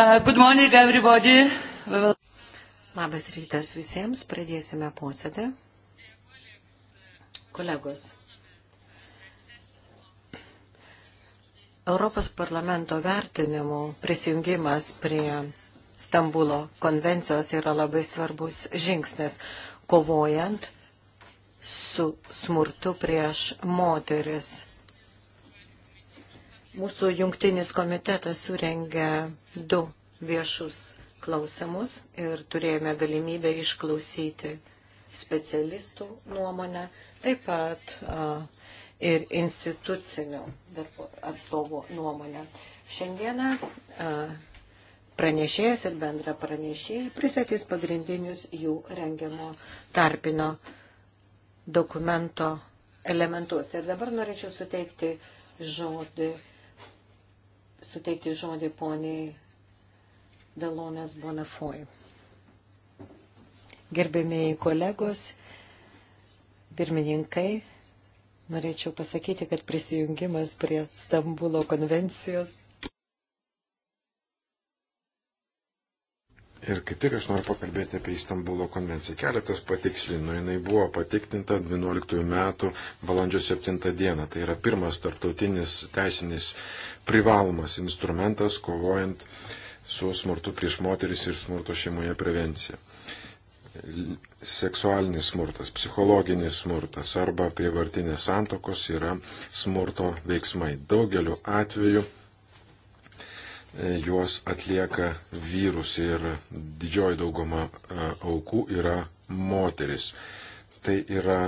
Uh, good morning, everybody. Will... Labas rytas visiems, pradėsime posėdę. Kolegos. Europos parlamento vertinimų prisijungimas prie Stambulo konvencijos yra labai svarbus žingsnis, kovojant su smurtu prieš moteris mūsų jungtinis komitetas surengė du viešus klausimus ir turėjome galimybę išklausyti specialistų nuomonę, taip pat a, ir institucinių atstovų nuomonę. Šiandieną a, pranešėjas ir bendra pranešėjai pristatys pagrindinius jų rengiamo tarpino dokumento elementus. Ir dabar norėčiau suteikti žodį, suteikti žodį poniai Dalonės Bonafoj. Gerbėmiai kolegos, pirmininkai, norėčiau pasakyti, kad prisijungimas prie Stambulo konvencijos. Ir kaip tik aš noriu pakalbėti apie Istanbulo konvenciją. Keletas patikslinų. Jis buvo patiktinta 12 metų balandžio 7 dieną. Tai yra pirmas tarptautinis teisinis privalomas instrumentas kovojant uh, su smurtu prieš moteris ir smurto šeimoje prevencija. Seksualinis smurtas, psichologinis smurtas arba prievartinės santokos yra smurto veiksmai. Daugeliu atveju e, juos atlieka vyrus ir didžioji dauguma e, aukų yra moteris. Tai yra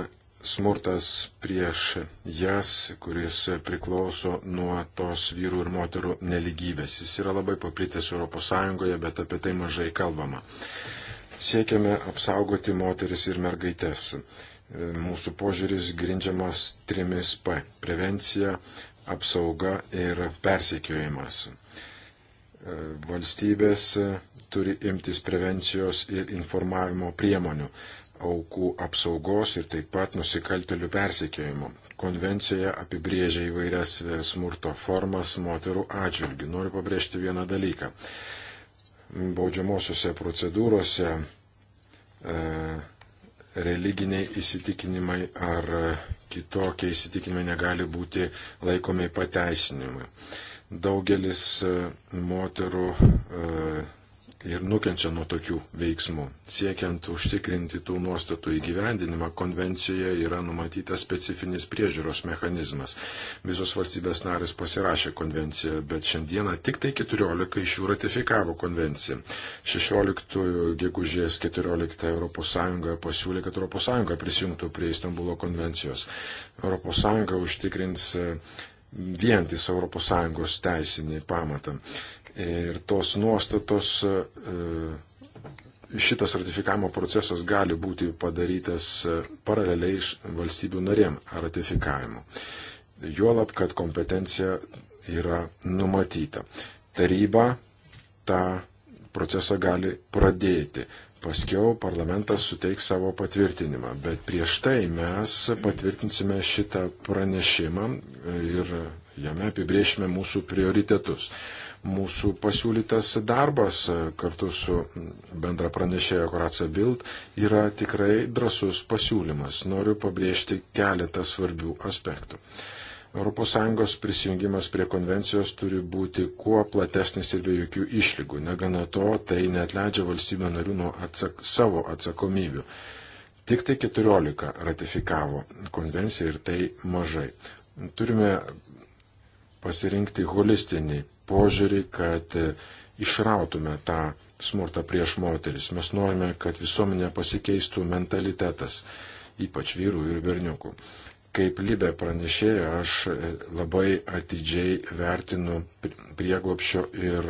smurtas prieš jas, kuris priklauso nuo tos vyrų ir moterų neligybės. Jis yra labai paplitęs ES, bet apie tai mažai kalbama. Siekiame apsaugoti moteris ir mergaitės. Mūsų požiūris grindžiamas trimis P - prevencija, apsauga ir persekiojimas. Valstybės turi imtis prevencijos ir informavimo priemonių aukų apsaugos ir taip pat nusikaltelių persikėjimų. Konvencija apibrėžia įvairias e, smurto formas moterų atžvilgių. Noriu pabrėžti vieną dalyką. Baudžiamosiose procedūrose e, religiniai įsitikinimai ar kitokie įsitikinimai negali būti laikomi pateisinimui. Daugelis e, moterų e, ir nukenčia nuo tokių veiksmų. Siekiant užtikrinti tų nuostatų įgyvendinimą, konvencijoje yra numatytas specifinis priežiūros mechanizmas. Visos valstybės narės pasirašė konvenciją, bet šiandieną tik tai 14 iš jų ratifikavo konvenciją. 16 gegužės 14 ES pasiūlė, kad ES prisijungtų prie Istanbulo konvencijos. ES užtikrins vientis ES teisinį pamatą. Ir tos nuostatos, e, šitas ratifikavimo procesas gali būti padarytas e, paraleliai iš valstybių narėm ratifikavimu. Juolab, kad kompetencija yra numatyta. Taryba tą procesą gali pradėti. Paskiau parlamentas suteiks savo patvirtinimą, bet prieš tai mes patvirtinsime šitą pranešimą ir jame apibriešime mūsų prioritetus mūsų pasiūlytas darbas e, kartu su bendra pranešėja Koracija Bild yra tikrai drasus pasiūlymas. Noriu pabrėžti keletą svarbių aspektų. ES prisijungimas prie konvencijos turi būti kuo platesnis ir be jokių išlygų. Negana to, tai net leidžia valstybė narių nuo atsak savo atsakomybių. Tik tai 14 ratifikavo konvenciją ir tai mažai. Turime pasirinkti holistinį požiūrį, kad išrautume tą smurtą prieš moteris. Mes norime, kad visuomenė pasikeistų mentalitetas, ypač vyrų ir berniukų. Kaip Libė pranešėjo, aš labai atidžiai vertinu prieglopšio ir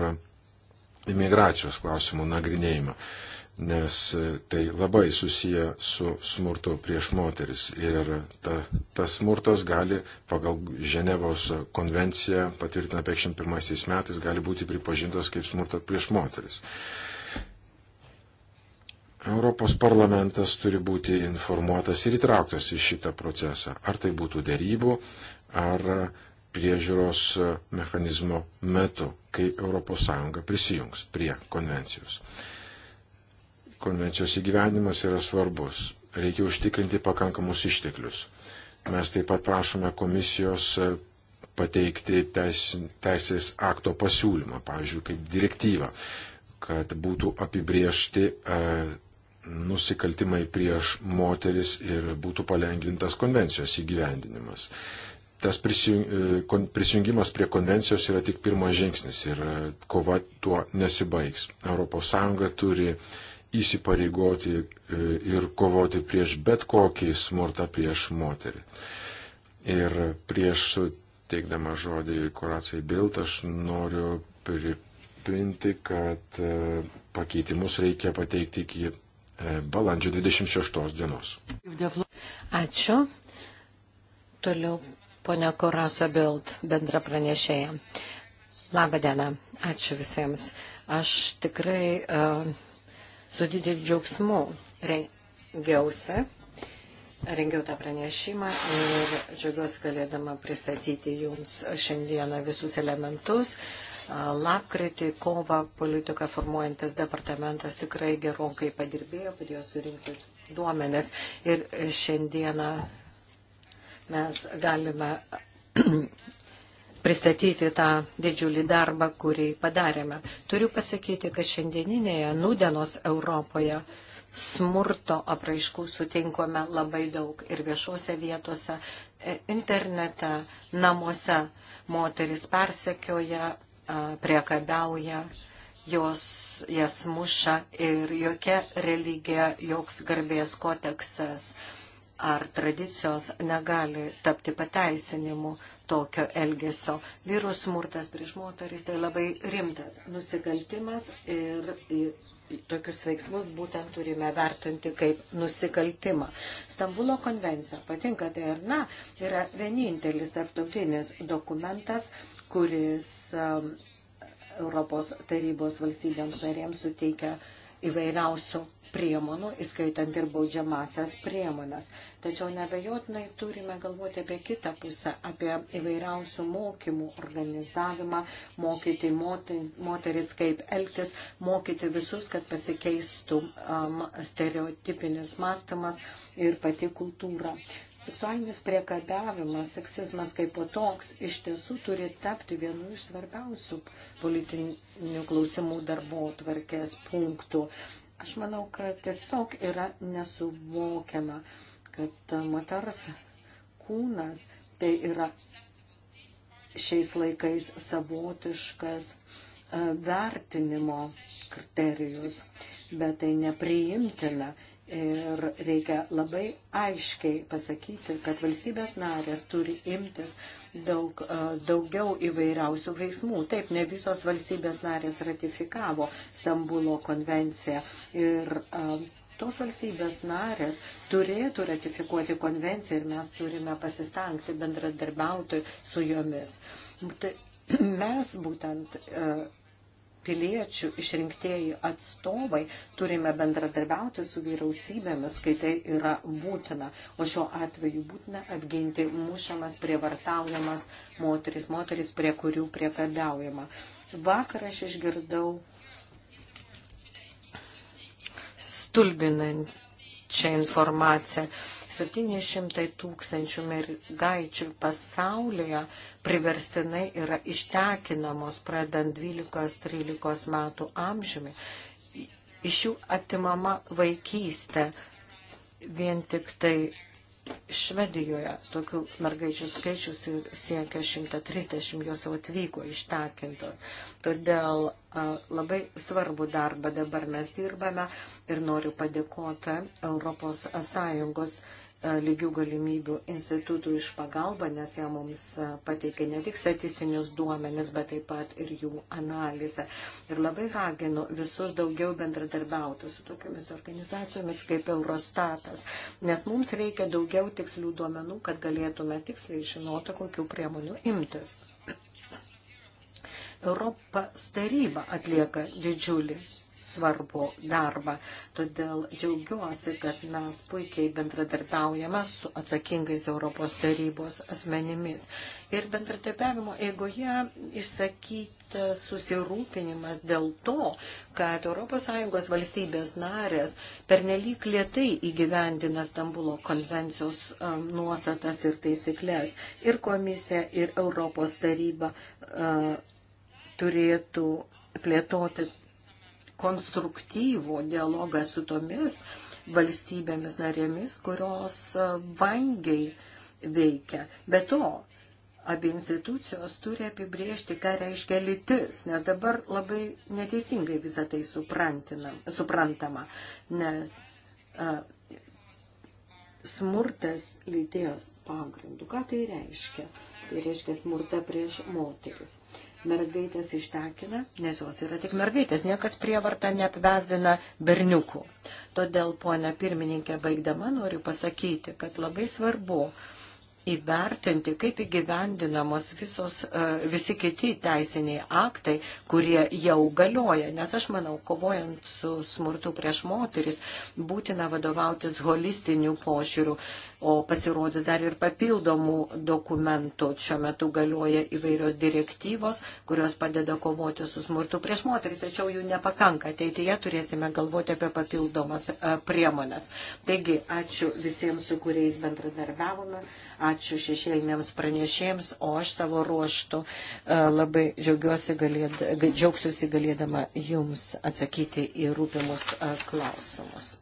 imigracijos klausimų nagrinėjimą nes tai labai susiję su smurtu prieš moteris. Ir ta, tas smurtas gali pagal Ženevos konvenciją patvirtiną 51 metais gali būti pripažintas kaip smurtas prieš moteris. Europos parlamentas turi būti informuotas ir įtrauktas į šitą procesą. Ar tai būtų dėrybų, ar priežiūros mechanizmo metu, kai ES prisijungs prie konvencijos konvencijos įgyvendimas yra svarbus. Reikia užtikrinti pakankamus išteklius. Mes taip pat prašome komisijos e, pateikti teis, teisės akto pasiūlymą, pavyzdžiui, kaip direktyvą, kad būtų apibriežti e, nusikaltimai prieš moteris ir būtų palengvintas konvencijos įgyvendinimas. Tas e, prisijungimas prie konvencijos yra tik pirmas žingsnis ir e, kova tuo nesibaigs. ES turi įsipareigoti e, ir kovoti prieš bet kokį smurtą prieš moterį. Ir prieš suteikdama žodį Koracijai Bilt, aš noriu priminti, kad e, pakeitimus reikia pateikti iki e, balandžio 26 dienos. Ačiū. Toliau ponia Korasa Bild, bendra pranešėja. Labą dieną. Ačiū visiems. Aš tikrai uh, Su dideliu džiaugsmu rengiausi, rengiau tą pranešimą ir džiaugiuosi galėdama pristatyti jums šiandieną visus elementus. Lapkritį kovą politiką formuojantis departamentas tikrai gerokai padirbėjo, padėjo surinkti duomenis ir šiandieną mes galime pristatyti tą didžiulį darbą, kurį padarėme. Turiu pasakyti, kad šiandieninėje nudenos Europoje smurto apraiškų sutinkome labai daug ir viešuose vietose, e, internete, namuose. Moteris persekioja, priekabiauja, jos jas muša ir jokia religija, joks garbės kodeksas ar tradicijos negali tapti pateisinimu tokio elgesio. Vyrų smurtas prieš moteris tai labai rimtas nusikaltimas ir tokius veiksmus būtent turime vertinti kaip nusikaltimą. Stambulo konvencija, patinka tai ar ne, yra vienintelis tarptautinis dokumentas, kuris um, Europos tarybos valstybėms narėms suteikia įvairiausių priemonų, įskaitant ir baudžiamasias priemonas. Tačiau nebejotinai turime galvoti apie kitą pusę, apie įvairiausių mokymų organizavimą, mokyti moteris kaip elgtis, mokyti visus, kad pasikeistų um, stereotipinis mąstymas ir pati kultūra. Seksualinis priekabiavimas, seksizmas kaip po toks iš tiesų turi tapti vienu iš svarbiausių politinių klausimų darbo tvarkės punktų. Aš manau, kad tiesiog yra nesuvokiama, kad moters kūnas tai yra šiais laikais savotiškas e, vertinimo kriterijus, bet tai nepriimtina Ir reikia labai aiškiai pasakyti, kad valstybės narės turi imtis daug, e, daugiau įvairiausių veiksmų. Taip, ne visos valstybės narės ratifikavo Stambulo konvenciją. Ir e, tos valstybės narės turėtų ratifikuoti konvenciją ir mes turime pasistengti bendradarbiauti su jomis. Mes būtent e, piliečių išrinktieji atstovai turime bendradarbiauti su vyriausybėmis, kai tai yra būtina. O šiuo atveju būtina apginti mušamas, prievartaujamas moteris, moteris, prie kurių priekadaujama. Vakar aš išgirdau stulbinančią informaciją 700 tūkstančių mergaičių pasaulyje priverstinai yra ištekinamos pradant 12-13 metų amžiumi. Iš jų atimama vaikystė vien tik tai Švedijoje tokių mergaičių skaičius siekia 130, jos jau atvyko ištekintos. Todėl a, labai svarbu darbą dabar mes dirbame ir noriu padėkoti Europos Sąjungos lygių galimybių institutų iš pagalba, nes jie mums pateikė ne tik statistinius duomenis, bet taip pat ir jų analizę. Ir labai raginu visus daugiau bendradarbiauti su tokiamis organizacijomis kaip Eurostatas, nes mums reikia daugiau tikslių duomenų, kad galėtume tiksliai žinoti, kokių priemonių imtis. Europos taryba atlieka didžiulį svarbu darbą. Todėl džiaugiuosi, kad mes puikiai bendradarbiaujame su atsakingais Europos tarybos asmenimis. Ir bendradarbiavimo eigoje išsakyti susirūpinimas dėl to, kad ES valstybės narės pernelyg lietai įgyvendina Stambulo konvencijos um, nuostatas ir taisyklės. Ir komisija, ir Europos taryba uh, turėtų plėtoti konstruktyvų dialogą su tomis valstybėmis narėmis, kurios e, vangiai veikia. Be to, abi institucijos turi apibriežti, ką reiškia lytis, nes dabar labai neteisingai visą tai suprantama, nes a, e, smurtas lyties pagrindų, ką tai reiškia? Tai reiškia smurta prieš moteris mergaitės ištekina, nes jos yra tik mergaitės, niekas prievarta neapvesdina berniukų. Todėl, ponia pirmininkė, baigdama noriu pasakyti, kad labai svarbu įvertinti, kaip įgyvendinamos visos, e, visi kiti teisiniai aktai, kurie jau galioja. Nes aš manau, kovojant su smurtu prieš moteris, būtina vadovautis holistiniu pošiūriu, o pasirodys dar ir papildomų dokumentų. Šiuo metu galioja įvairios direktyvos, kurios padeda kovoti su smurtu prieš moteris, tačiau jų nepakanka. Ateityje turėsime galvoti apie papildomas e, priemonės. Taigi, ačiū visiems, su kuriais bendradarbiavome. Ačiū šešėliniams pranešėjams, o aš savo ruoštų e, labai galėd, džiaugsiuosi galėdama jums atsakyti į rūpimus e, klausimus.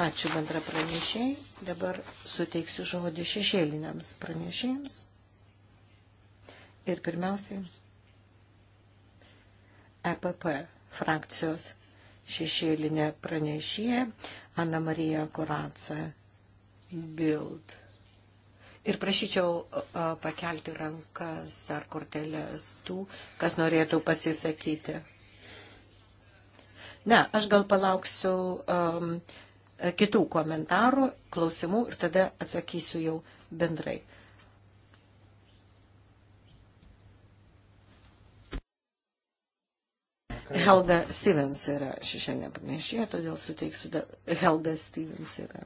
Ačiū bendra pranešėjai. Dabar suteiksiu žodį šešėliniams pranešėjams. Ir pirmiausiai EPP frakcijos šešėlinė pranešėja Ana Marija Koraca Bild. Ir prašyčiau pakelti rankas ar kortelės tų, kas norėtų pasisakyti. Ne, aš gal palauksiu. Um, E, kitų komentarų, klausimų ir tada atsakysiu jau bendrai. Helga Stevens yra šešėlinė pranešėja, todėl suteiksiu, da, Helga Stevens yra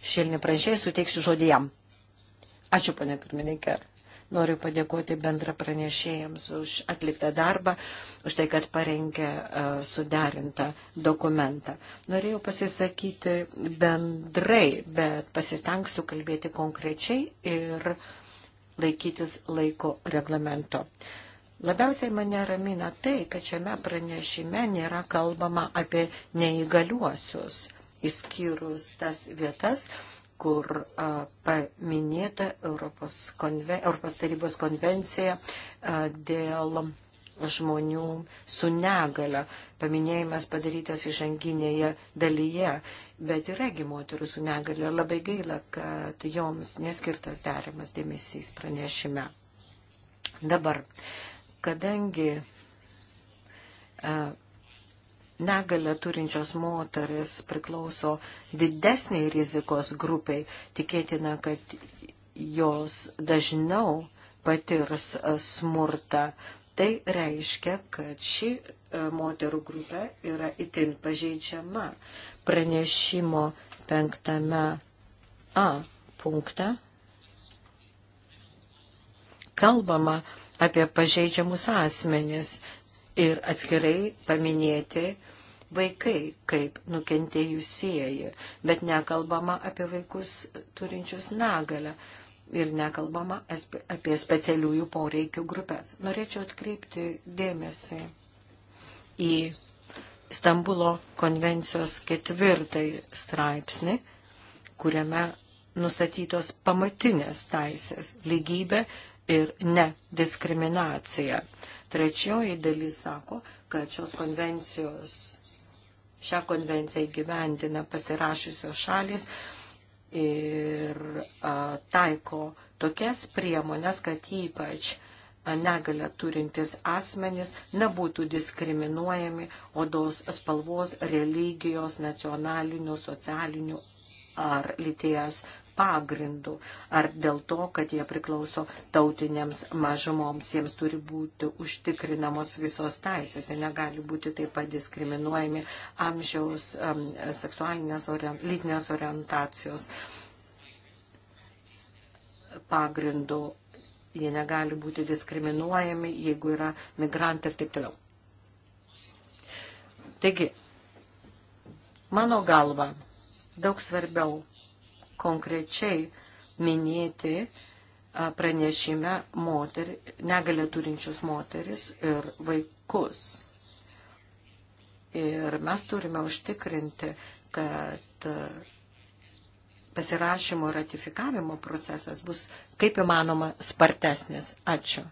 šešėlinė pranešėja, suteiksiu žodį jam. Ačiū, pane pirmininkė. Noriu padėkoti bendra pranešėjams už atliktą darbą, už tai, kad parengė e, suderintą dokumentą. Norėjau pasisakyti bendrai, bet pasistengsiu kalbėti konkrečiai ir laikytis laiko reglamento. Labiausiai mane ramina tai, kad šiame pranešime nėra kalbama apie neįgaliuosius, įskyrus tas vietas, kur paminėta Europos, konve, Europos tarybos konvencija dėl žmonių su negale. Paminėjimas padarytas išanginėje dalyje, bet yragi moterų su negale. Labai gaila, kad joms neskirtas derimas dėmesys pranešime. Dabar, kadangi negalę turinčios moteris priklauso didesniai rizikos grupiai, tikėtina, kad jos dažniau patirs e, smurtą. Tai reiškia, kad ši e, moterų grupė yra itin pažeidžiama. Pranešimo penktame A punkte kalbama apie pažeidžiamus asmenis ir atskirai paminėti vaikai kaip nukentėjusieji, bet nekalbama apie vaikus turinčius negalę ir nekalbama apie specialiųjų poreikių grupės. Norėčiau atkreipti dėmesį į Stambulo konvencijos ketvirtąjį straipsnį, kuriame nustatytos pamatinės taisės - lygybė, ir nediskriminacija. Trečioji dalis sako, kad šios konvencijos, šią konvenciją gyvendina pasirašysios šalis ir a, taiko tokias priemonės, kad ypač negalę turintis asmenys nebūtų diskriminuojami odos spalvos, religijos, nacionalinių, socialinių ar lyties pagrindų ar dėl to, kad jie priklauso tautinėms mažumoms. Jiems turi būti užtikrinamos visos teisės. Jie negali būti taip pat diskriminuojami amžiaus, seksualinės, orient, lytinės orientacijos pagrindų. Jie negali būti diskriminuojami, jeigu yra migrantai ir taip toliau. Taigi, mano galva, daug svarbiau konkrečiai minėti pranešime moter, negalę turinčius moteris ir vaikus. Ir mes turime užtikrinti, kad pasirašymo ratifikavimo procesas bus kaip įmanoma spartesnis. Ačiū.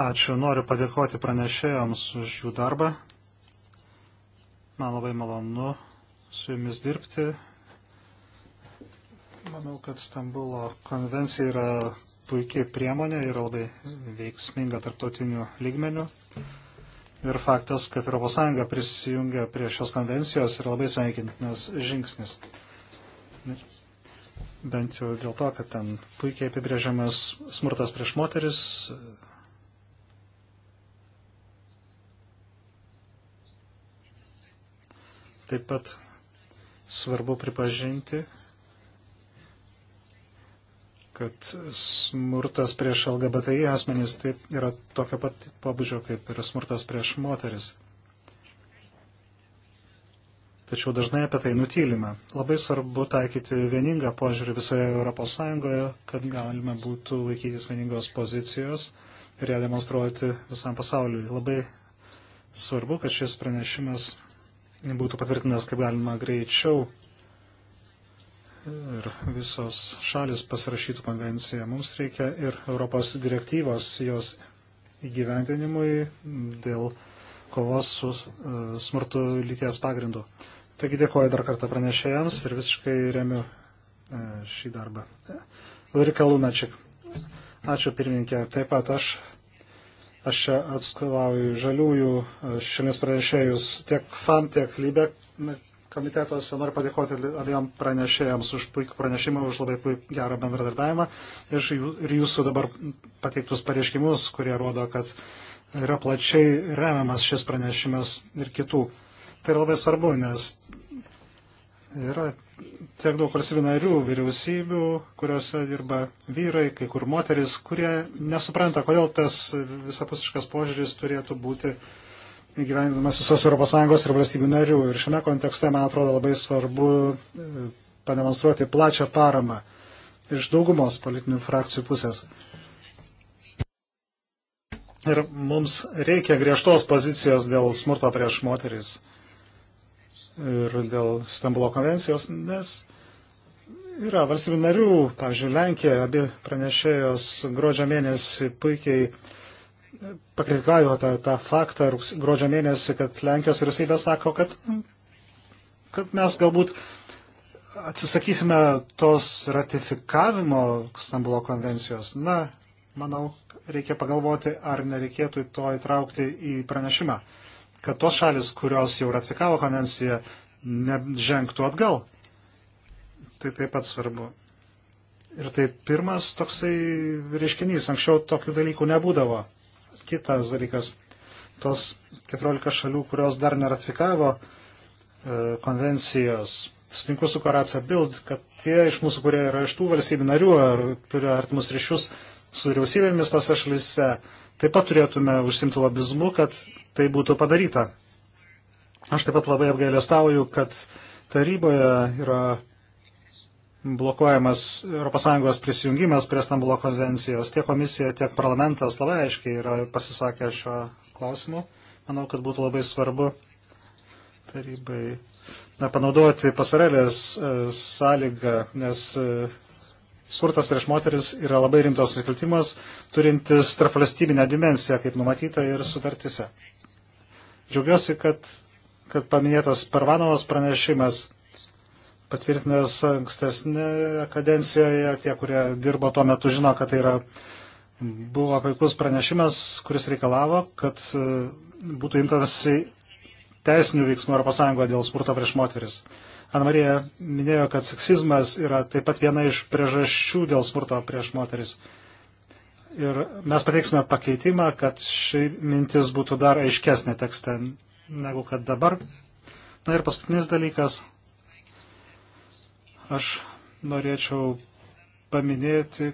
Ačiū. Noriu padėkoti pranešėjams už jų darbą. Man labai malonu su jumis dirbti. Manau, kad Stambulo konvencija yra puikiai priemonė ir labai veiksminga tarptautinių lygmenių. Ir faktas, kad ES prisijungia prie šios konvencijos yra labai sveikintinas žingsnis. Bent jau dėl to, kad ten puikiai apibrėžiamas smurtas prieš moteris, taip pat svarbu pripažinti, kad smurtas prieš LGBTI asmenys taip yra tokia pat pabudžio, kaip ir smurtas prieš moteris. Tačiau dažnai apie tai nutylime. Labai svarbu taikyti vieningą požiūrį visoje Europos Sąjungoje, kad galima būtų laikytis vieningos pozicijos ir ją demonstruoti visam pasauliui. Labai svarbu, kad šis pranešimas būtų patvirtintas kaip galima greičiau ir visos šalis pasirašytų konvenciją. Mums reikia ir Europos direktyvos jos įgyventinimui dėl kovos su e, smurtu lyties pagrindu. Taigi dėkoju dar kartą pranešėjams ir visiškai remiu e, šį darbą. Lurika Lunačik. Ačiū pirmininkė. Taip pat aš Aš čia atstovauju žaliųjų e, šiomis pranešėjus tiek FAM, tiek LYBE komitetuose. Noriu padėkoti abiem pranešėjams už puikų pranešimą, už labai puikų gerą bendradarbiavimą ir jūsų dabar pateiktus pareiškimus, kurie rodo, kad yra plačiai remiamas šis pranešimas ir kitų. Tai yra labai svarbu, nes Yra tiek daug valstybių narių, vyriausybių, kuriuose dirba vyrai, kai kur moteris, kurie nesupranta, kodėl tas visapusiškas požiūris turėtų būti įgyvendinamas visos ES ir valstybių narių. Ir šiame kontekste, man atrodo, labai svarbu e, pademonstruoti plačią paramą iš daugumos politinių frakcijų pusės. Ir mums reikia griežtos pozicijos dėl smurto prieš moteris ir dėl Stambulo konvencijos, nes yra valstybių narių, pavyzdžiui, Lenkija, abi pranešėjos gruodžio mėnesį puikiai pakritikavo tą, tą faktą gruodžio mėnesį, kad Lenkijos vyriausybė sako, kad, kad mes galbūt atsisakysime tos ratifikavimo Stambulo konvencijos. Na, manau, reikia pagalvoti, ar nereikėtų to įtraukti į pranešimą kad tos šalis, kurios jau ratifikavo konvenciją, nežengtų atgal. Tai taip pat svarbu. Ir tai pirmas toksai reiškinys. Anksčiau tokių dalykų nebūdavo. Kitas dalykas. Tos 14 šalių, kurios dar neratifikavo e, konvencijos. Sutinku su Koracija Bild, kad tie iš mūsų, kurie yra iš tų valstybių narių ar turi artimus ryšius su vyriausybėmis tose šalise, taip pat turėtume užsimti lobizmu, kad tai būtų padaryta. Aš taip pat labai apgailestauju, kad taryboje yra blokuojamas ES prisijungimas prie Stambulo konvencijos. Tiek komisija, tiek parlamentas labai aiškiai yra pasisakę šio klausimu. Manau, kad būtų labai svarbu tarybai na, panaudoti pasarelės e, sąlygą, nes e, Smurtas prieš moteris yra labai rimtas nusikaltimas, turintis tarpvalstybinę dimensiją, kaip numatyta ir sutartise. Džiaugiuosi, kad, kad paminėtas Parvanovas pranešimas patvirtinęs ankstesnėje kadencijoje, tie, kurie dirbo tuo metu, žino, kad tai yra, buvo puikus pranešimas, kuris reikalavo, kad e, būtų imtas teisinių veiksmų ES dėl smurto prieš moteris. Anmarija minėjo, kad seksizmas yra taip pat viena iš priežasčių dėl smurto prieš moteris. Ir mes pateiksime pakeitimą, kad ši mintis būtų dar aiškesnė tekste negu kad dabar. Na ir paskutinis dalykas. Aš norėčiau paminėti,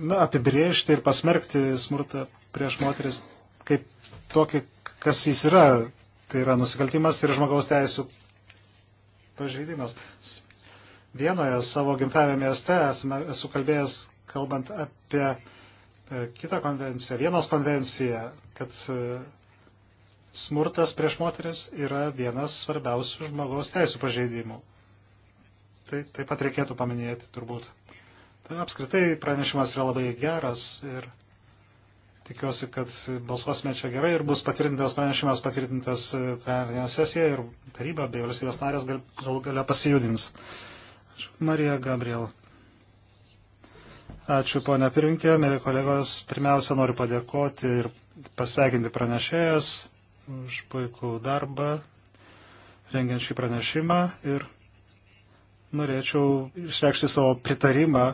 na, apibriežti ir pasmerkti smurtą prieš moteris kaip tokį, kas jis yra. Tai yra nusikaltimas ir žmogaus teisų pažeidimas. Vienoje savo gimtajame mieste esame, esu kalbėjęs, kalbant apie e, kitą konvenciją, vienos konvenciją, kad e, smurtas prieš moteris yra vienas svarbiausių žmogaus teisų pažeidimų. Tai taip pat reikėtų paminėti turbūt. Tai apskritai pranešimas yra labai geras ir Tikiuosi, kad balsuosime čia gerai ir bus patvirtintas pranešimas, patvirtintas e, plenarinė sesija ir taryba bei valstybės narės gal, gal galia pasijudins. Ačiū. Marija Gabriel. Ačiū, ponia pirminkė, mėly kolegos. Pirmiausia, noriu padėkoti ir pasveikinti pranešėjas už puikų darbą, rengiant šį pranešimą ir norėčiau išreikšti savo pritarimą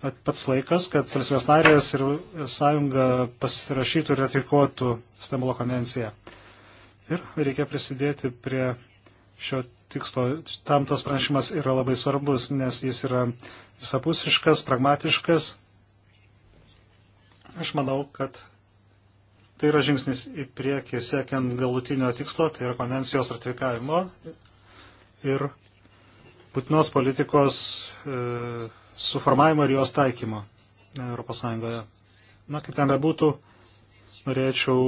pats laikas, kad valstybės narės ir sąjunga pasirašytų ir ratifikuotų Stambulo konvenciją. Ir reikia prisidėti prie šio tikslo. Tam tas pranešimas yra labai svarbus, nes jis yra visapusiškas, pragmatiškas. Aš manau, kad tai yra žingsnis į priekį siekiant galutinio tikslo, tai yra konvencijos ratifikavimo ir Putinos politikos e, suformavimo ir jos taikymo ES. Na, kaip ten bebūtų, norėčiau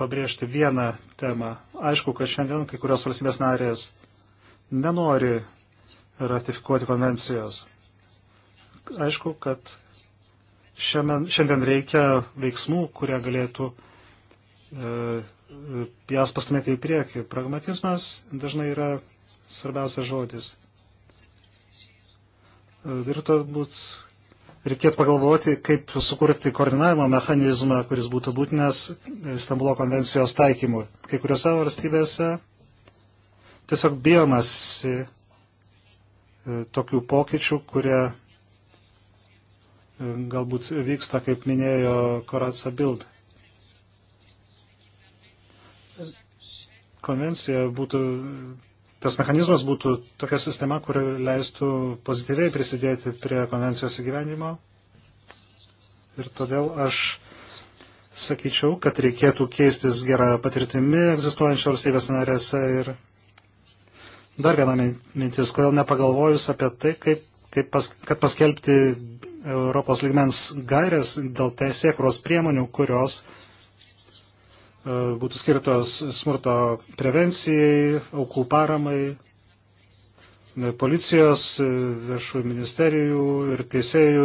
pabrėžti vieną temą. Aišku, kad šiandien kai kurios valstybės narės nenori ratifikuoti konvencijos. Aišku, kad šiandien, šiandien reikia veiksmų, kurie galėtų e, e, jas pastumėti į priekį. Pragmatizmas dažnai yra svarbiausias žodis. Ir turbūt reikėtų pagalvoti, kaip sukurti koordinavimo mechanizmą, kuris būtų būtinas Stambulo konvencijos taikymui. Kai kuriuose valstybėse tiesiog bijomas e, tokių pokyčių, kurie e, galbūt vyksta, kaip minėjo Koratsa Bild. Konvencija būtų tas mechanizmas būtų tokia sistema, kuri leistų pozityviai prisidėti prie konvencijos įgyvendimo. Ir todėl aš sakyčiau, kad reikėtų keistis gerą patirtimį egzistuojančią valstybės narėse. Ir dar viena mintis, kodėl nepagalvojus apie tai, kaip, kaip pas, kad paskelbti Europos ligmens gairės dėl teisėkros priemonių, kurios uh, E, būtų skirtos smurto prevencijai, aukų paramai, e, policijos, e, viešų ministerijų ir teisėjų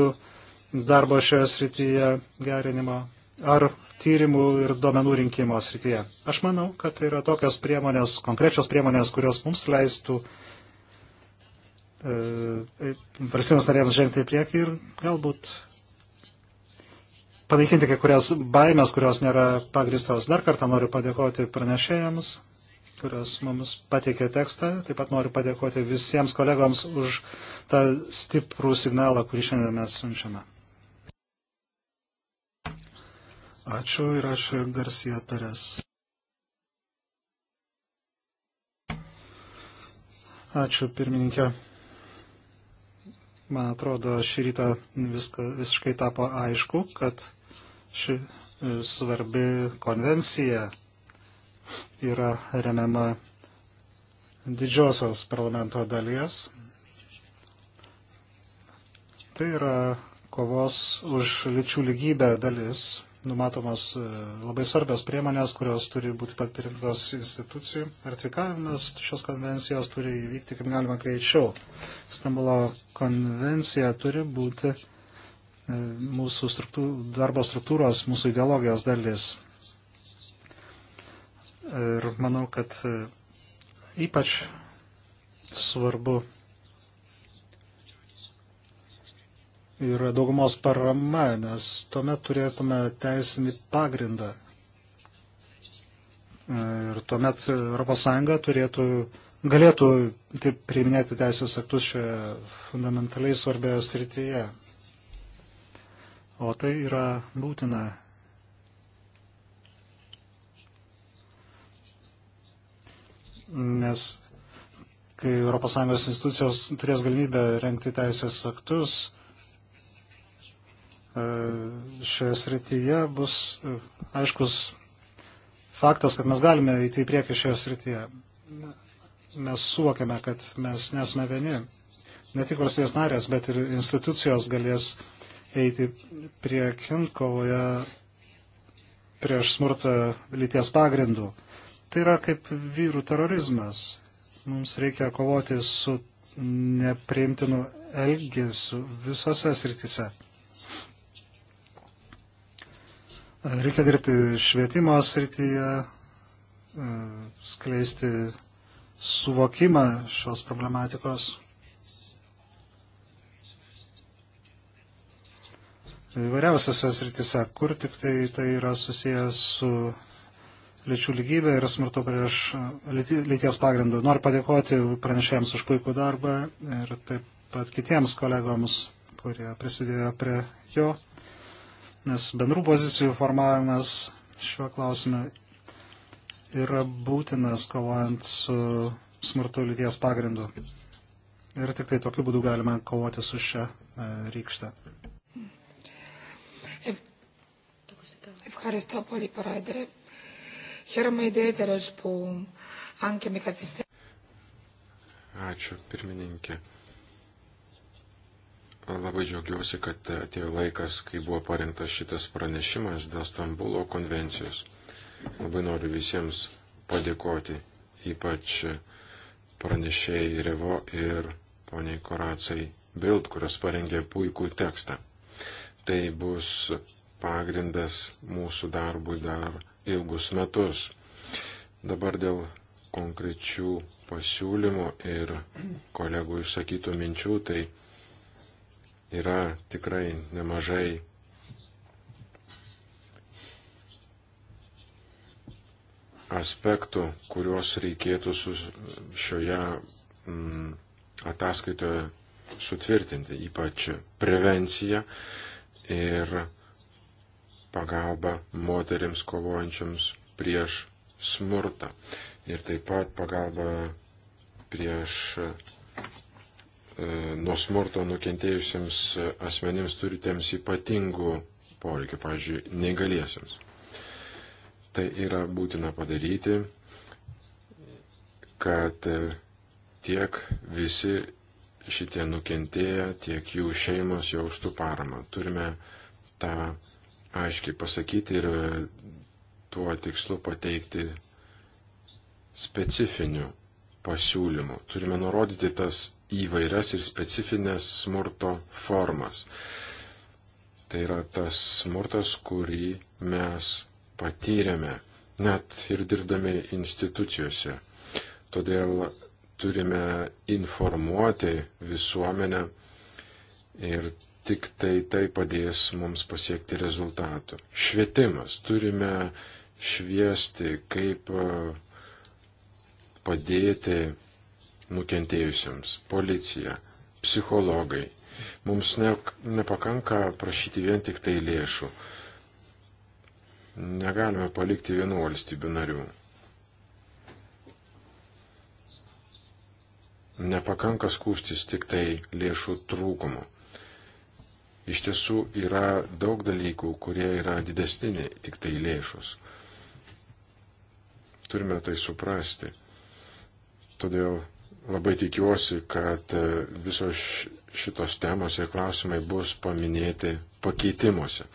darbo šioje srityje gerinimo ar tyrimų ir duomenų rinkimo srityje. Aš manau, kad tai yra tokios priemonės, konkrečios priemonės, kurios mums leistų e, valstybės narėms žengti į priekį ir galbūt panaikinti kai kurias baimės, kurios nėra pagristos. Dar kartą noriu padėkoti pranešėjams, kurios mums pateikė tekstą. Taip pat noriu padėkoti visiems kolegoms už tą stiprų signalą, kurį šiandien mes siunčiame. Ačiū ir aš Garcia Perez. Ačiū pirmininkė. Man atrodo, šį rytą viską, visiškai tapo aišku, kad ši e, svarbi konvencija yra remiama didžiosios parlamento dalies. Tai yra kovos už lyčių lygybę dalis, numatomos e, labai svarbios priemonės, kurios turi būti patvirtintos institucijų. Ratifikavimas šios konvencijos turi įvykti kaip galima greičiau. Stambulo konvencija turi būti mūsų struktūr, darbo struktūros, mūsų ideologijos dalis. Ir manau, kad e, ypač svarbu yra daugumos parama, nes tuomet turėtume teisinį pagrindą. Ir tuomet ES turėtų galėtų taip priiminėti teisės aktus šioje fundamentaliai svarbioje srityje o tai yra būtina. Nes kai ES institucijos turės galimybę renkti teisės aktus, e, šioje srityje bus e, aiškus faktas, kad mes galime įti į priekį šioje srityje. Mes suvokiame, kad mes nesame vieni. Ne tik valstybės narės, bet ir institucijos galės uh, eiti priekin kovoje prieš smurtą lyties pagrindų. Tai yra kaip vyrų terorizmas. Mums reikia kovoti su nepriimtinu elgesiu visose srityse. Reikia dirbti švietimo srityje, skleisti suvokimą šios problematikos. įvairiausiose sritise, kur tik tai tai yra susijęs su lyčių lygybė ir smurto prieš lyties pagrindų. Noriu padėkoti pranešėjams už puikų darbą ir taip pat kitiems kolegoms, kurie prisidėjo prie jo, nes bendrų pozicijų formavimas šiuo klausimu yra būtinas kovojant su smurto lyties pagrindu. Ir tik tai tokiu būdu galima kovoti su šia e, rykšte. Ευχαριστώ πολύ, Πρόεδρε. Χαίρομαι ιδιαίτερος που, αν και με καθυστέρηση... Ačiū, pirmininkė. Labai džiaugiuosi, kad atėjo laikas, kai buvo parengtas šitas pranešimas dėl Stambulo konvencijos. Labai noriu visiems padėkoti, ypač pranešėjai Revo ir poniai Koracai Bild, kurios parengė puikų tekstą. Tai bus pagrindas mūsų darbui dar ilgus metus. Dabar dėl konkrečių pasiūlymų ir kolegų išsakytų minčių, tai yra tikrai nemažai aspektų, kuriuos reikėtų šioje mm, ataskaitoje sutvirtinti, ypač prevencija ir pagalba moteriams kovojančiams prieš smurtą. Ir taip pat pagalba prieš e, nuo smurto nukentėjusiems asmenims turintiems ypatingų poreikių, pavyzdžiui, negaliesiams. Tai yra būtina padaryti, kad tiek visi šitie nukentėję, tiek jų šeimos jaustų paramą. Turime tą aiškiai pasakyti ir tuo tikslu pateikti specifinių pasiūlymų. Turime nurodyti tas įvairias ir specifines smurto formas. Tai yra tas smurtas, kurį mes patyrėme, net ir dirbdami institucijose. Todėl turime informuoti visuomenę ir tik tai tai padės mums pasiekti rezultatų. Švietimas. Turime šviesti, kaip e, padėti nukentėjusiems. Policija, psichologai. Mums ne, nepakanka prašyti vien tik tai lėšų. Negalime palikti vienų valstybių narių. nepakanka skūstis tik tai lėšų trūkumu. Iš tiesų yra daug dalykų, kurie yra didesni nei tik tai lėšus. Turime tai suprasti. Todėl labai tikiuosi, kad e, visos šitos temos ir klausimai bus paminėti pakeitimuose.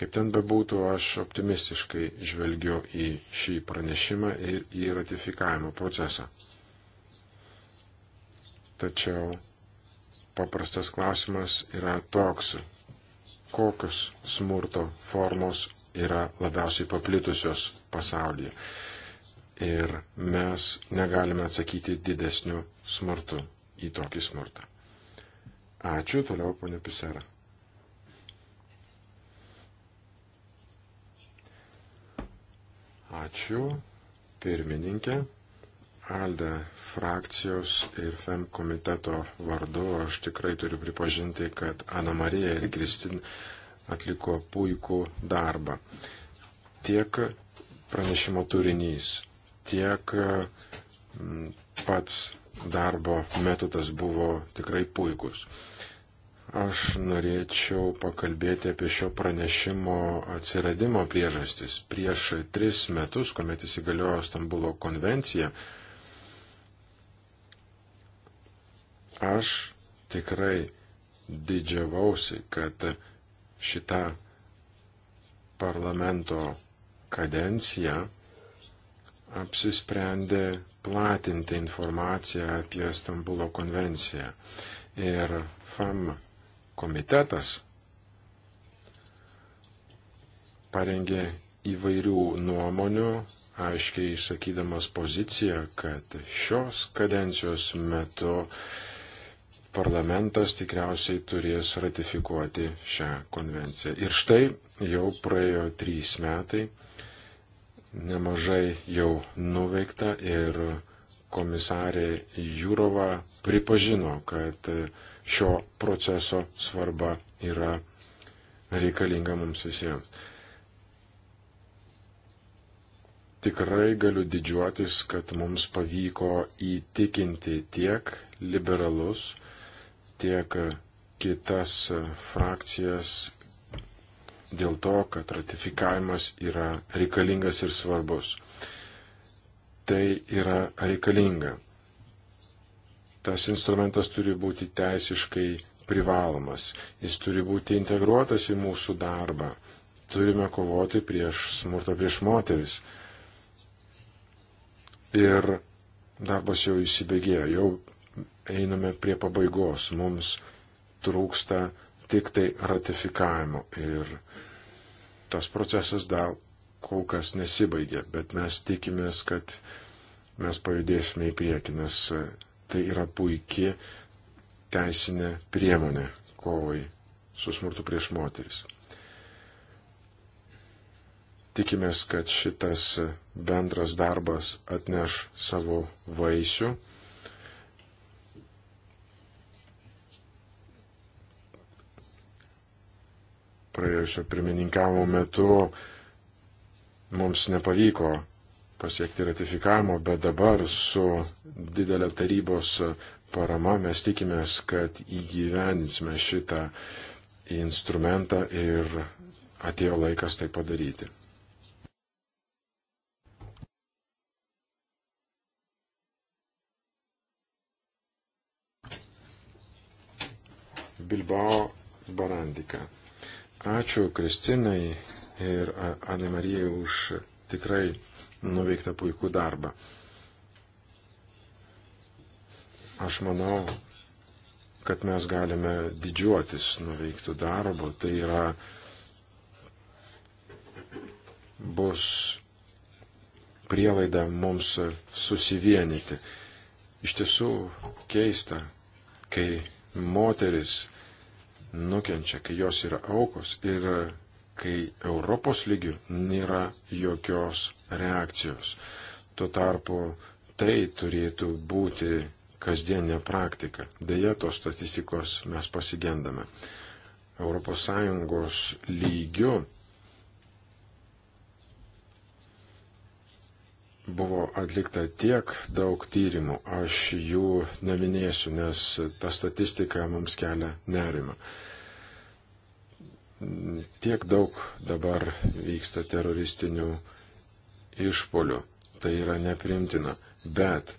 Kaip ten bebūtų, aš optimistiškai žvelgiu į šį pranešimą ir į ratifikavimo procesą. Tačiau paprastas klausimas yra toks, kokios smurto formos yra labiausiai paplitusios pasaulyje. Ir mes negalime atsakyti didesniu smurtu į tokį smurtą. Ačiū, toliau ponė Pisera. Ačiū, pirmininkė. Alde frakcijos ir FEM komiteto vardu aš tikrai turiu pripažinti, kad Ana Marija ir Kristin atliko puikų darbą. Tiek pranešimo turinys, tiek mm, pats darbo metodas buvo tikrai puikus. Aš norėčiau pakalbėti apie šio pranešimo atsiradimo priežastis. Prieš tris metus, kuomet įsigaliojo Stambulo konvencija, Aš tikrai didžiavausi, kad šita parlamento kadencija apsisprendė platinti informaciją apie Stambulo konvenciją. Ir FAM komitetas parengė įvairių nuomonių, aiškiai išsakydamas poziciją, kad šios kadencijos metu parlamentas tikriausiai turės ratifikuoti šią konvenciją. Ir štai jau praėjo trys metai, nemažai jau nuveikta ir komisarė Jūrova pripažino, kad šio proceso svarba yra reikalinga mums visiems. Tikrai galiu didžiuotis, kad mums pavyko įtikinti tiek liberalus, tiek kitas frakcijas dėl to, kad ratifikavimas yra reikalingas ir svarbus. Tai yra reikalinga. Tas instrumentas turi būti teisiškai privalomas, jis turi būti integruotas į mūsų darbą. Turime kovoti prieš smurtą prieš moteris. Ir darbas jau įsibėgėjo, jau einame prie pabaigos. Mums trūksta tik tai ratifikavimo ir tas procesas dar kol kas nesibaigė, bet mes tikimės, kad mes pajudėsime į priekį, nes tai yra puikia teisinė priemonė kovai su smurtu prieš moteris. Tikimės, kad šitas bendras darbas atneš savo vaisių praėjusio pirmininkavimo metu mums nepavyko pasiekti ratifikavimo, bet dabar su didelė tarybos parama mes tikimės, kad įgyvendinsime šitą instrumentą ir atėjo laikas tai padaryti. Bilbao Barandika. Ačiū Kristinai ir Anė Marijai už tikrai nuveiktą puikų darbą. Aš manau, kad mes galime didžiuotis nuveiktų darbo. Tai yra bus prielaida mums susivienyti. Iš tiesų keista, kai moteris nukenčia, kai jos yra aukos ir kai Europos lygių nėra jokios reakcijos. Tuo tarpu tai turėtų būti kasdienė praktika. Deja, tos statistikos mes pasigendame. ES lygių buvo atlikta tiek daug tyrimų, aš jų neminėsiu, nes ta statistika mums kelia nerimą. Tiek daug dabar vyksta teroristinių išpolių, tai yra neprimtina, bet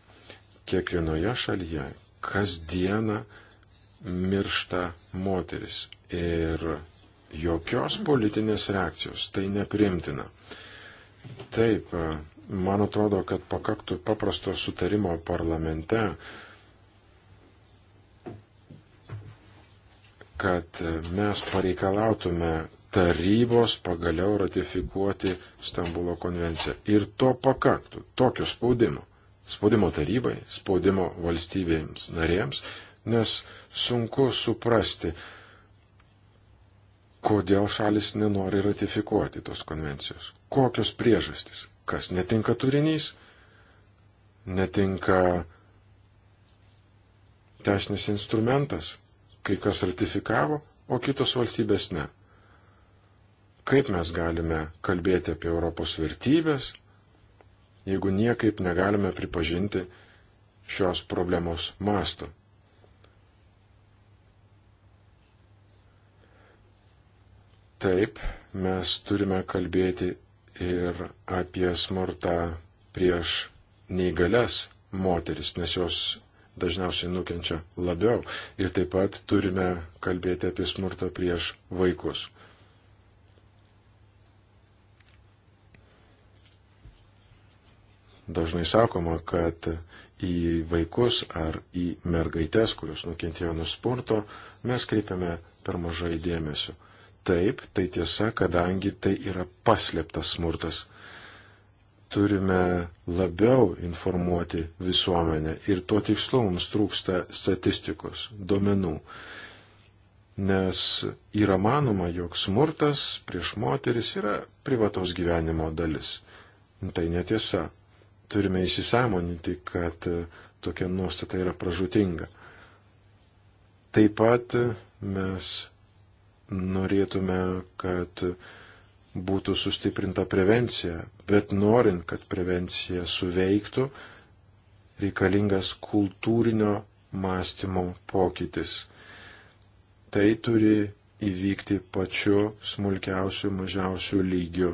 kiekvienoje šalyje kasdieną miršta moteris ir jokios politinės reakcijos, tai neprimtina. Taip, Man atrodo, kad pakaktų paprasto sutarimo parlamente, kad mes pareikalautume tarybos pagaliau ratifikuoti Stambulo konvenciją. Ir to pakaktų, tokio spaudimo. Spaudimo tarybai, spaudimo valstybėms narėms, nes sunku suprasti, kodėl šalis nenori ratifikuoti tos konvencijos. Kokios priežastys? kas netinka turinys, netinka teisinis instrumentas, kai kas ratifikavo, o kitos valstybės ne. Kaip mes galime kalbėti apie Europos vertybės, jeigu niekaip negalime pripažinti šios problemos masto? Taip, mes turime kalbėti ir apie smurtą prieš neįgalias moteris, nes jos dažniausiai nukenčia labiau. Ir taip pat turime kalbėti apie smurtą prieš vaikus. Dažnai sakoma, kad į vaikus ar į mergaitės, kurios nukentėjo nuo spurto, mes kreipiame per mažai dėmesio. Taip, tai tiesa, kadangi tai yra paslėptas smurtas. Turime labiau informuoti visuomenę ir tuo tikslu mums trūksta statistikos, duomenų. Nes yra manoma, jog smurtas prieš moteris yra privatos gyvenimo dalis. Tai netiesa. Turime įsisamoninti, kad tokia nuostata yra pražutinga. Taip pat mes norėtume, kad būtų sustiprinta prevencija, bet norint, kad prevencija suveiktų, reikalingas kultūrinio mąstymo pokytis. Tai turi įvykti pačiu smulkiausiu, mažiausiu lygiu.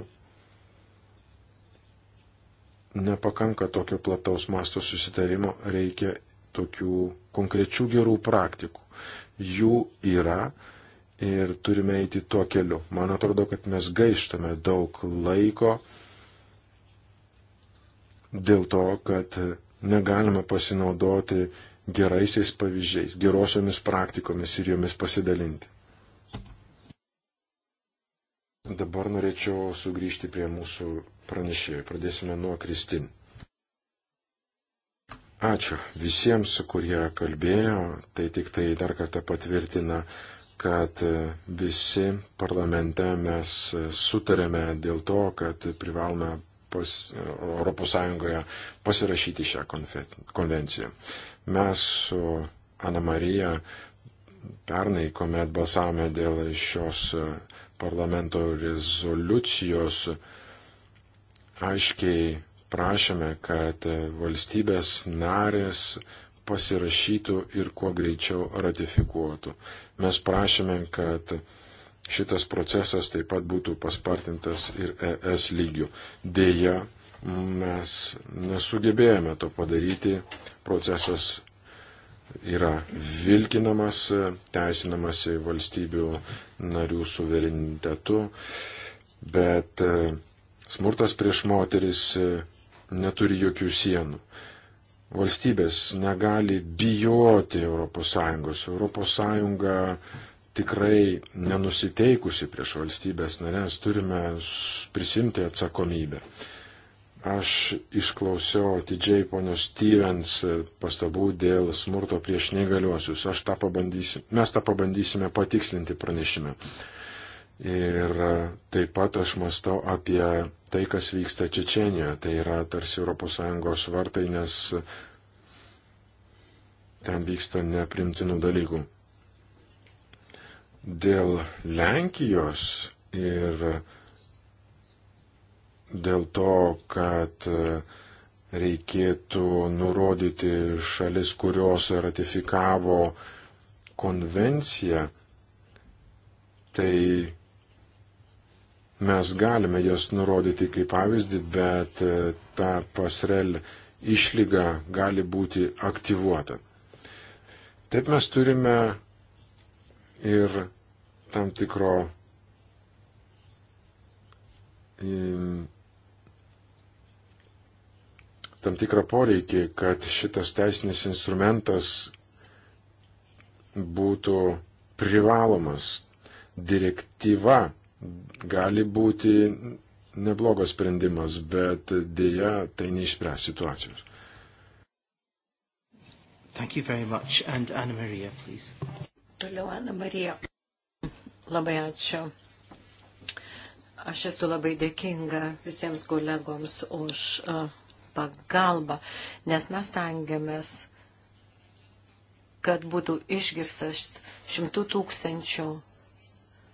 Nepakanka tokio plataus masto susitarimo, reikia tokių konkrečių gerų praktikų. Jų yra, ir turime eiti tuo keliu. Man atrodo, kad mes gaištame daug laiko dėl to, kad negalime pasinaudoti geraisiais pavyzdžiais, gerosiomis praktikomis ir jomis pasidalinti. Dabar norėčiau sugrįžti prie mūsų pranešėjų. Pradėsime nuo Kristin. Ačiū visiems, kurie kalbėjo. Tai tik tai dar kartą patvirtina kad visi parlamente mes sutarėme dėl to, kad privalome pas, ES pasirašyti šią konvenciją. Mes su Ana Marija pernai, kuomet balsavome dėl šios parlamento rezoliucijos, aiškiai prašėme, kad valstybės narės pasirašytų ir kuo greičiau ratifikuotų. Mes prašėme, kad šitas procesas taip pat būtų paspartintas ir ES lygių. Deja, mes nesugebėjome to padaryti. Procesas yra vilkinamas, teisinamas į valstybių narių suverenitetu, bet smurtas prieš moteris neturi jokių sienų valstybės negali bijoti ES. ES tikrai nenusiteikusi prieš valstybės narės, turime prisimti atsakomybę. Aš išklausiau atidžiai ponios Stevens pastabų dėl smurto prieš negaliuosius. Aš tą pabandysiu, mes tą pabandysime patikslinti pranešime. Ir taip pat aš mąstau apie tai, kas vyksta Čečenijoje. Tai yra tarsi ES vartai, nes ten vyksta neprimtinų dalykų. Dėl Lenkijos ir dėl to, kad reikėtų nurodyti šalis, kurios ratifikavo konvenciją, tai Mes galime jas nurodyti kaip pavyzdį, bet e, ta pasrel išlyga gali būti aktyvuota. Taip mes turime ir tam tikro tam tikrą poreikį, kad šitas teisinis instrumentas būtų privalomas. Direktyva gali būti neblogas sprendimas, bet dėja tai neišspręs situacijos. Thank you very much. And Anna Maria, please. Toliau Anna Marija. Labai ačiū. Aš esu labai dėkinga visiems kolegoms už uh, pagalbą, nes mes tengiamės, kad būtų išgirstas šimtų tūkstančių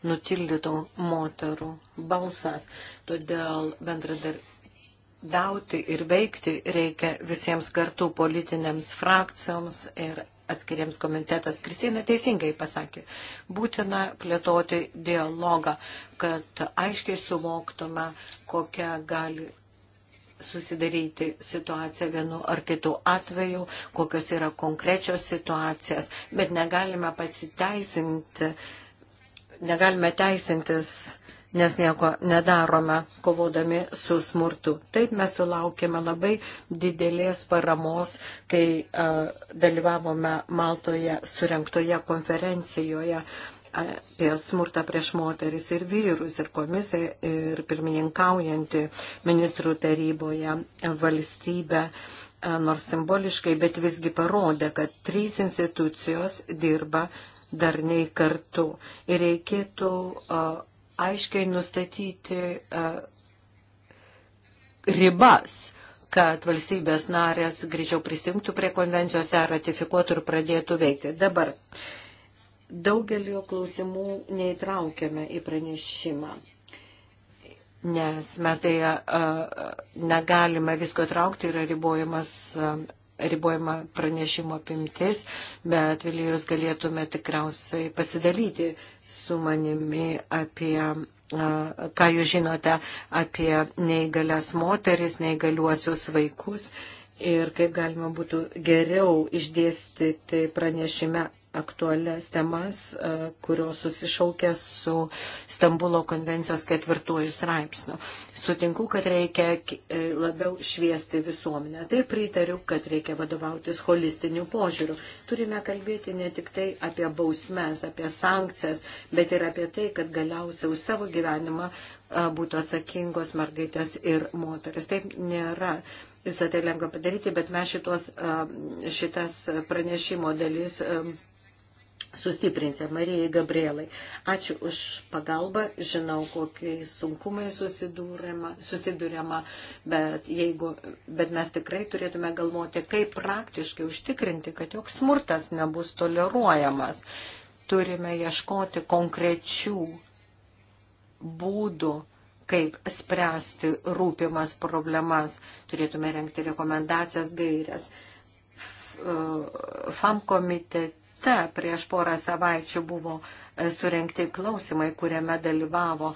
nutildytų moterų balsas. Todėl bendradarbiauti ir veikti reikia visiems kartu politinėms frakcijoms ir atskiriems komitetas. Kristina teisingai pasakė, būtina plėtoti dialogą, kad aiškiai suvoktume, kokia gali susidaryti situaciją vienu ar kitu atveju, kokios yra konkrečios situacijas, bet negalime pasiteisinti uh, negalime teisintis, nes nieko nedarome, kovodami su smurtu. Taip mes sulaukėme labai didelės paramos, kai a, dalyvavome Maltoje surinktoje konferencijoje apie smurtą prieš moteris ir vyrus, ir komisija, ir pirmininkaujanti ministrų taryboje valstybė, nors simboliškai, bet visgi parodė, kad trys institucijos dirba darniai kartu. Ir reikėtų aiškiai nustatyti ribas kad valstybės narės grįžiau prisimtų prie konvencijos, ratifikuotų ir pradėtų veikti. Dabar daugelio klausimų neįtraukiame į pranešimą, nes mes dėja negalime visko traukti, yra ribojamas ribojama pranešimo apimtis, bet vėliau jūs galėtume tikriausiai pasidalyti su manimi apie, ką jūs žinote apie neįgalias moteris, neįgaliuosius vaikus ir kaip galima būtų geriau išdėstyti pranešime aktualias temas, e, kurios susišaukia su Stambulo konvencijos ketvirtuoju straipsniu. Sutinku, kad reikia e, labiau šviesti visuomenę. Tai pritariu, kad reikia vadovautis holistiniu požiūriu. Turime kalbėti ne tik tai apie bausmes, apie sankcijas, bet ir apie tai, kad galiausiai už savo gyvenimą e, būtų atsakingos mergaitės ir moteris. Taip nėra visą tai lengva padaryti, bet mes šitos, šitas pranešimo dalis sustiprinsia Marijai Gabrielai. Ačiū už pagalbą, žinau, kokiai sunkumai susidūrėma, bet, jeigu, bet mes tikrai turėtume galvoti, kaip praktiškai užtikrinti, kad joks smurtas nebus toleruojamas. Turime ieškoti konkrečių būdų kaip spręsti rūpimas problemas. Turėtume renkti rekomendacijas gairias. FAM uh, komitete Egipte prieš porą savaičių buvo e, surenkti klausimai, kuriame dalyvavo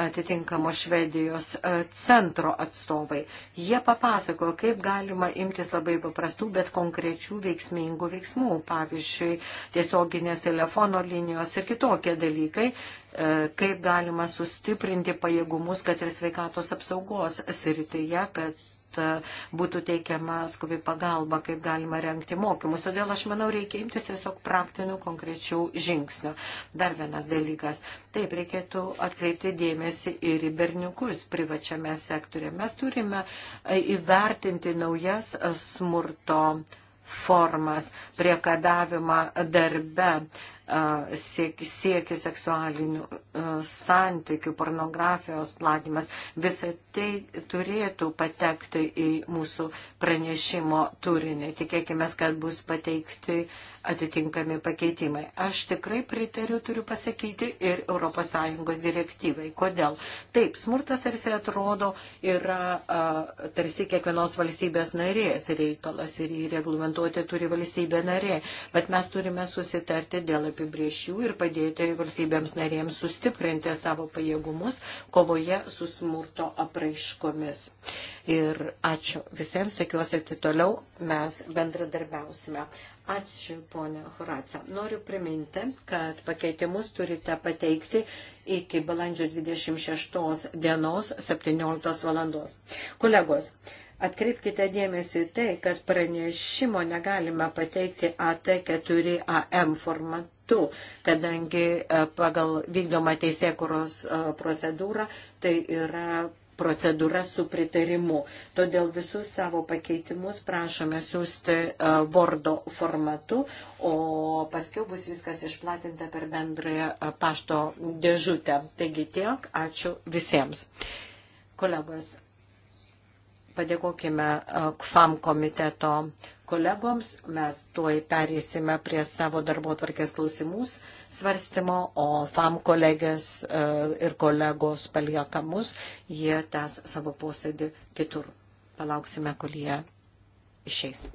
atitinkamo Švedijos e, centro atstovai. Jie papasakojo, kaip galima imtis labai paprastų, bet konkrečių veiksmingų veiksmų, pavyzdžiui, tiesioginės telefono linijos ir kitokie dalykai, e, kaip galima sustiprinti pajėgumus, kad ir sveikatos apsaugos srityje, kad kad e, būtų teikiama skubi pagalba, kaip galima renkti mokymus. Todėl aš manau, reikia imtis tiesiog praktinių konkrečių žingsnių. Dar vienas dalykas. Taip, reikėtų atkreipti dėmesį ir į berniukus privačiame sektorėje. Mes turime e, įvertinti naujas smurto formas, priekabavimą darbe siekis sieki seksualinių e, santykių, pornografijos platimas, visą tai turėtų patekti į mūsų pranešimo turinį. Tikėkime, kad bus pateikti atitinkami pakeitimai. Aš tikrai pritariu, turiu pasakyti, ir ES direktyvai. Kodėl? Taip, smurtas ar jisai atrodo yra a, tarsi kiekvienos valstybės narės reikalas ir jį reglamentuoti turi valstybė narė, bet mes turime susitarti dėl apibrėžimų apibriešių ir padėti valstybėms narėms sustiprinti savo pajėgumus kovoje su smurto apraiškomis. Ir ačiū visiems, tikiuosi, tai toliau mes bendradarbiausime. Ačiū, ponia Horaca. Noriu priminti, kad pakeitimus turite pateikti iki balandžio 26 dienos 17 valandos. Kolegos, Atkreipkite dėmesį tai, kad pranešimo negalime pateikti AT4AM formatu metu, kadangi e, pagal vykdomą teisėkuros e, procedūrą tai yra procedūra su pritarimu. Todėl visus savo pakeitimus prašome siūsti Vordo e, formatu, o paskui bus viskas išplatinta per bendrąją pašto dėžutę. Taigi tiek, ačiū visiems. Kolegos, padėkokime KFAM komiteto kolegoms. Mes tuoj perėsime prie savo darbo tvarkės klausimus svarstymo, o FAM kolegės e, ir kolegos palieka mus. Jie tęs savo posėdį kitur. Palauksime, kol jie išeis.